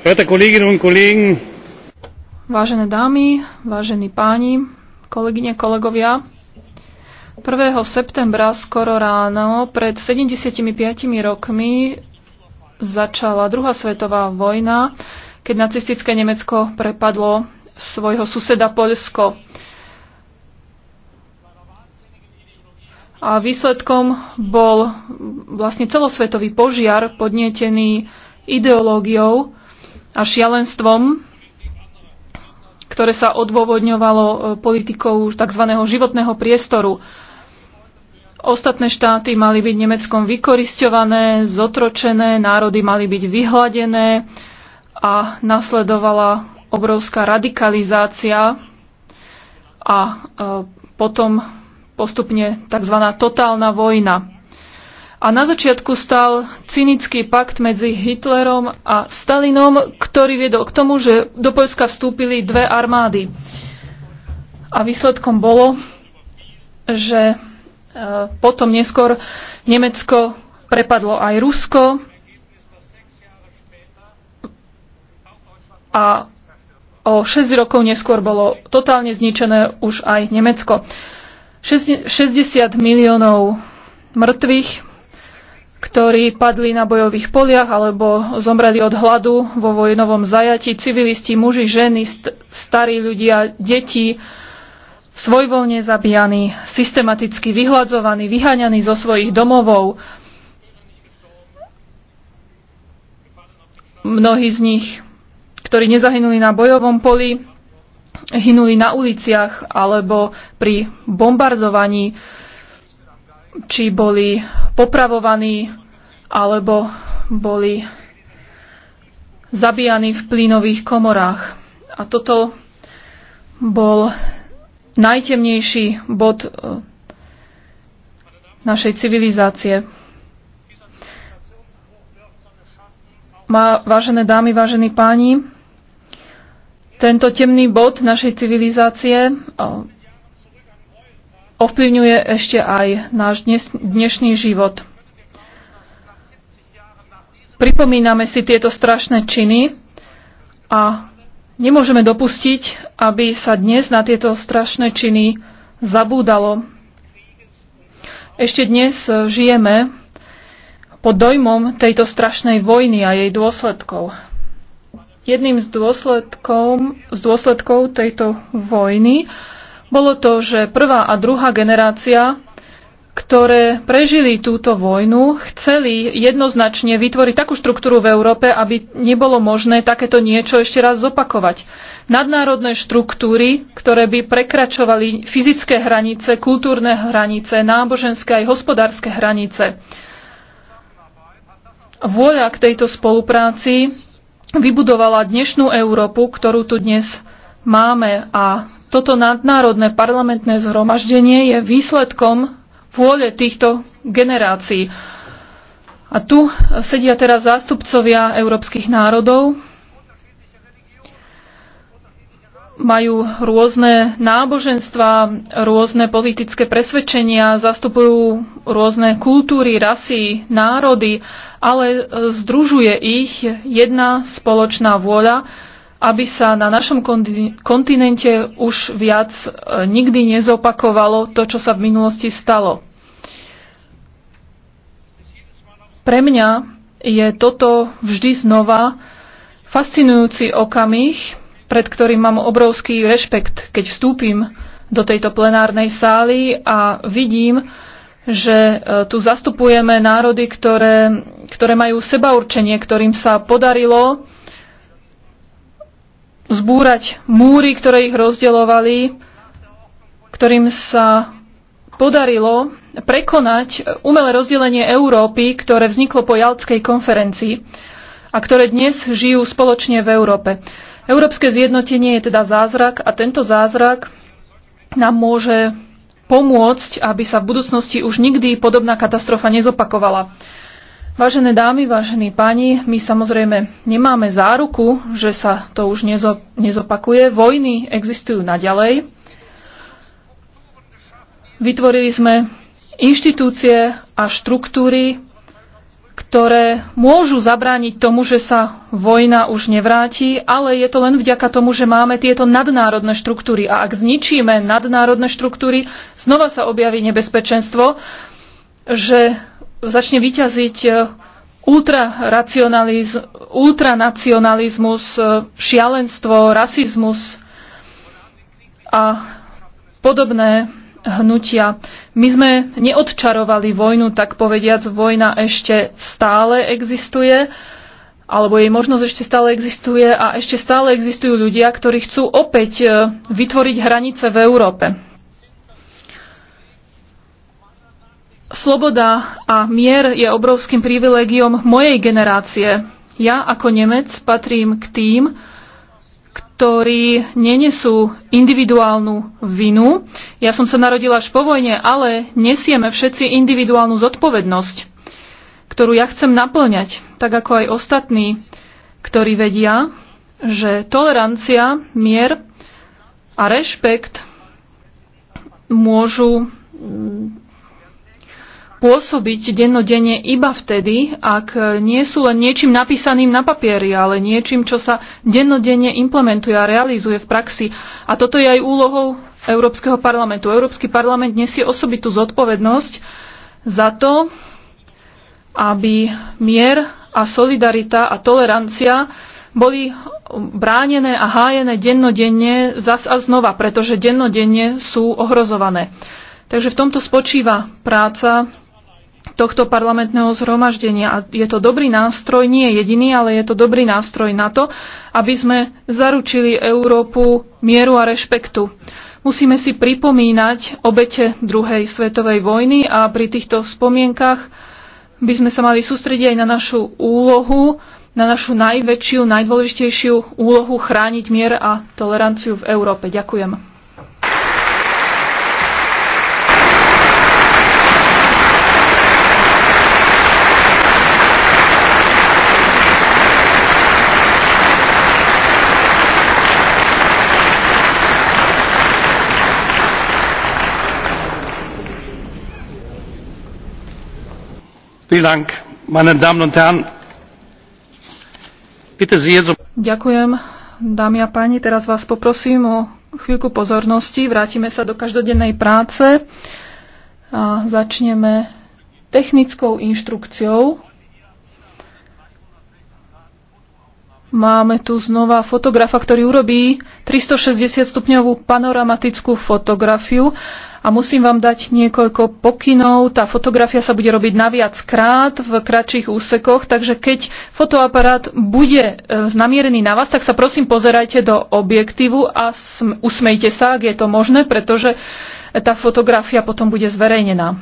Verehrte Kolleginnen und Kollegen, Vážené dámy, vážení páni, kolegyne, kolegovia, 1. septembra skoro ráno pred 75 rokmi začala druhá svetová vojna, keď nacistické Nemecko prepadlo svojho suseda Poľsko. A výsledkom bol vlastne celosvetový požiar podnietený ideológiou, a šialenstvom, ktoré sa odôvodňovalo e, politikou tzv. životného priestoru. Ostatné štáty mali byť Nemeckom vykoristované, zotročené, národy mali byť vyhladené a nasledovala obrovská radikalizácia a e, potom postupne tzv. totálna vojna. A na začiatku stal cynický pakt medzi Hitlerom a Stalinom, ktorý viedol k tomu, že do Poľska vstúpili dve armády. A výsledkom bolo, že e, potom neskôr Nemecko prepadlo aj Rusko a o 6 rokov neskôr bolo totálne zničené už aj Nemecko. 60 miliónov mŕtvych, ktorí padli na bojových poliach alebo zomreli od hladu vo vojnovom zajati, civilisti, muži, ženy, st- starí ľudia, deti, svojvoľne zabíjani, systematicky vyhladzovaní, vyháňaní zo svojich domovov. Mnohí z nich, ktorí nezahynuli na bojovom poli, hynuli na uliciach alebo pri bombardovaní či boli popravovaní alebo boli zabíjaní v plynových komorách. A toto bol najtemnejší bod e, našej civilizácie. Má, vážené dámy, vážení páni, tento temný bod našej civilizácie e, ovplyvňuje ešte aj náš dnešný život. Pripomíname si tieto strašné činy a nemôžeme dopustiť, aby sa dnes na tieto strašné činy zabúdalo. Ešte dnes žijeme pod dojmom tejto strašnej vojny a jej dôsledkov. Jedným z dôsledkov, z dôsledkov tejto vojny bolo to, že prvá a druhá generácia, ktoré prežili túto vojnu, chceli jednoznačne vytvoriť takú štruktúru v Európe, aby nebolo možné takéto niečo ešte raz zopakovať. Nadnárodné štruktúry, ktoré by prekračovali fyzické hranice, kultúrne hranice, náboženské aj hospodárske hranice. Vôľa k tejto spolupráci vybudovala dnešnú Európu, ktorú tu dnes máme a toto nadnárodné parlamentné zhromaždenie je výsledkom vôle týchto generácií. A tu sedia teraz zástupcovia európskych národov, majú rôzne náboženstva, rôzne politické presvedčenia, zastupujú rôzne kultúry, rasy, národy, ale združuje ich jedna spoločná vôľa, aby sa na našom kontinente už viac e, nikdy nezopakovalo to, čo sa v minulosti stalo. Pre mňa je toto vždy znova fascinujúci okamih, pred ktorým mám obrovský rešpekt, keď vstúpim do tejto plenárnej sály a vidím, že e, tu zastupujeme národy, ktoré, ktoré majú sebaurčenie, ktorým sa podarilo zbúrať múry, ktoré ich rozdeľovali, ktorým sa podarilo prekonať umelé rozdelenie Európy, ktoré vzniklo po Jaltskej konferencii a ktoré dnes žijú spoločne v Európe. Európske zjednotenie je teda zázrak a tento zázrak nám môže pomôcť, aby sa v budúcnosti už nikdy podobná katastrofa nezopakovala. Vážené dámy, vážení páni, my samozrejme nemáme záruku, že sa to už nezopakuje. Vojny existujú naďalej. Vytvorili sme inštitúcie a štruktúry, ktoré môžu zabrániť tomu, že sa vojna už nevráti, ale je to len vďaka tomu, že máme tieto nadnárodné štruktúry. A ak zničíme nadnárodné štruktúry, znova sa objaví nebezpečenstvo, že začne vyťaziť e, ultranacionalizmus, e, šialenstvo, rasizmus a podobné hnutia. My sme neodčarovali vojnu, tak povediac, vojna ešte stále existuje, alebo jej možnosť ešte stále existuje a ešte stále existujú ľudia, ktorí chcú opäť e, vytvoriť hranice v Európe. Sloboda a mier je obrovským privilegiom mojej generácie. Ja ako Nemec patrím k tým, ktorí nenesú individuálnu vinu. Ja som sa narodila až po vojne, ale nesieme všetci individuálnu zodpovednosť, ktorú ja chcem naplňať, tak ako aj ostatní, ktorí vedia, že tolerancia, mier a rešpekt môžu pôsobiť dennodenne iba vtedy, ak e, nie sú len niečím napísaným na papieri, ale niečím, čo sa dennodenne implementuje a realizuje v praxi. A toto je aj úlohou Európskeho parlamentu. Európsky parlament nesie osobitú zodpovednosť za to, aby mier a solidarita a tolerancia boli bránené a hájené dennodenne zas a znova, pretože dennodenne sú ohrozované. Takže v tomto spočíva práca tohto parlamentného zhromaždenia. A je to dobrý nástroj, nie jediný, ale je to dobrý nástroj na to, aby sme zaručili Európu mieru a rešpektu. Musíme si pripomínať obete druhej svetovej vojny a pri týchto spomienkach by sme sa mali sústrediť aj na našu úlohu, na našu najväčšiu, najdôležitejšiu úlohu chrániť mier a toleranciu v Európe. Ďakujem. Um Ďakujem, dámy a páni. Teraz vás poprosím o chvíľku pozornosti. Vrátime sa do každodennej práce a začneme technickou inštrukciou. Máme tu znova fotografa, ktorý urobí 360-stupňovú panoramatickú fotografiu a musím vám dať niekoľko pokynov. Tá fotografia sa bude robiť naviac krát v kratších úsekoch, takže keď fotoaparát bude e, namierený na vás, tak sa prosím pozerajte do objektívu a usmejte sa, ak je to možné, pretože e, tá fotografia potom bude zverejnená.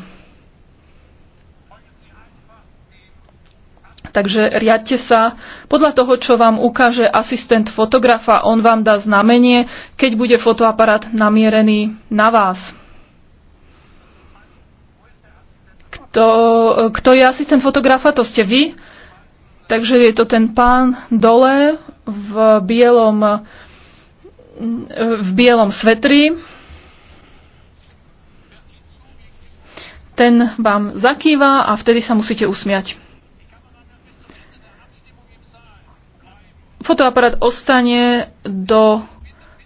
takže riadte sa podľa toho, čo vám ukáže asistent fotografa. On vám dá znamenie, keď bude fotoaparát namierený na vás. Kto, kto je asistent fotografa? To ste vy. Takže je to ten pán dole v bielom, v bielom svetri. Ten vám zakýva a vtedy sa musíte usmiať. fotoaparát ostane do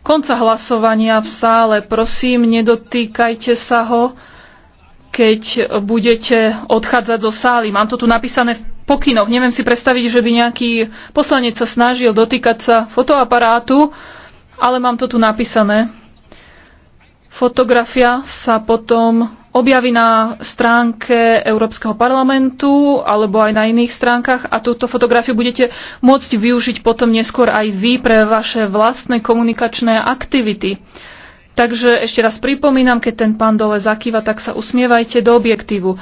konca hlasovania v sále. Prosím, nedotýkajte sa ho, keď budete odchádzať zo sály. Mám to tu napísané v pokynoch. Neviem si predstaviť, že by nejaký poslanec sa snažil dotýkať sa fotoaparátu, ale mám to tu napísané. Fotografia sa potom objaví na stránke Európskeho parlamentu alebo aj na iných stránkach a túto fotografiu budete môcť využiť potom neskôr aj vy pre vaše vlastné komunikačné aktivity. Takže ešte raz pripomínam, keď ten pán dole zakýva, tak sa usmievajte do objektívu.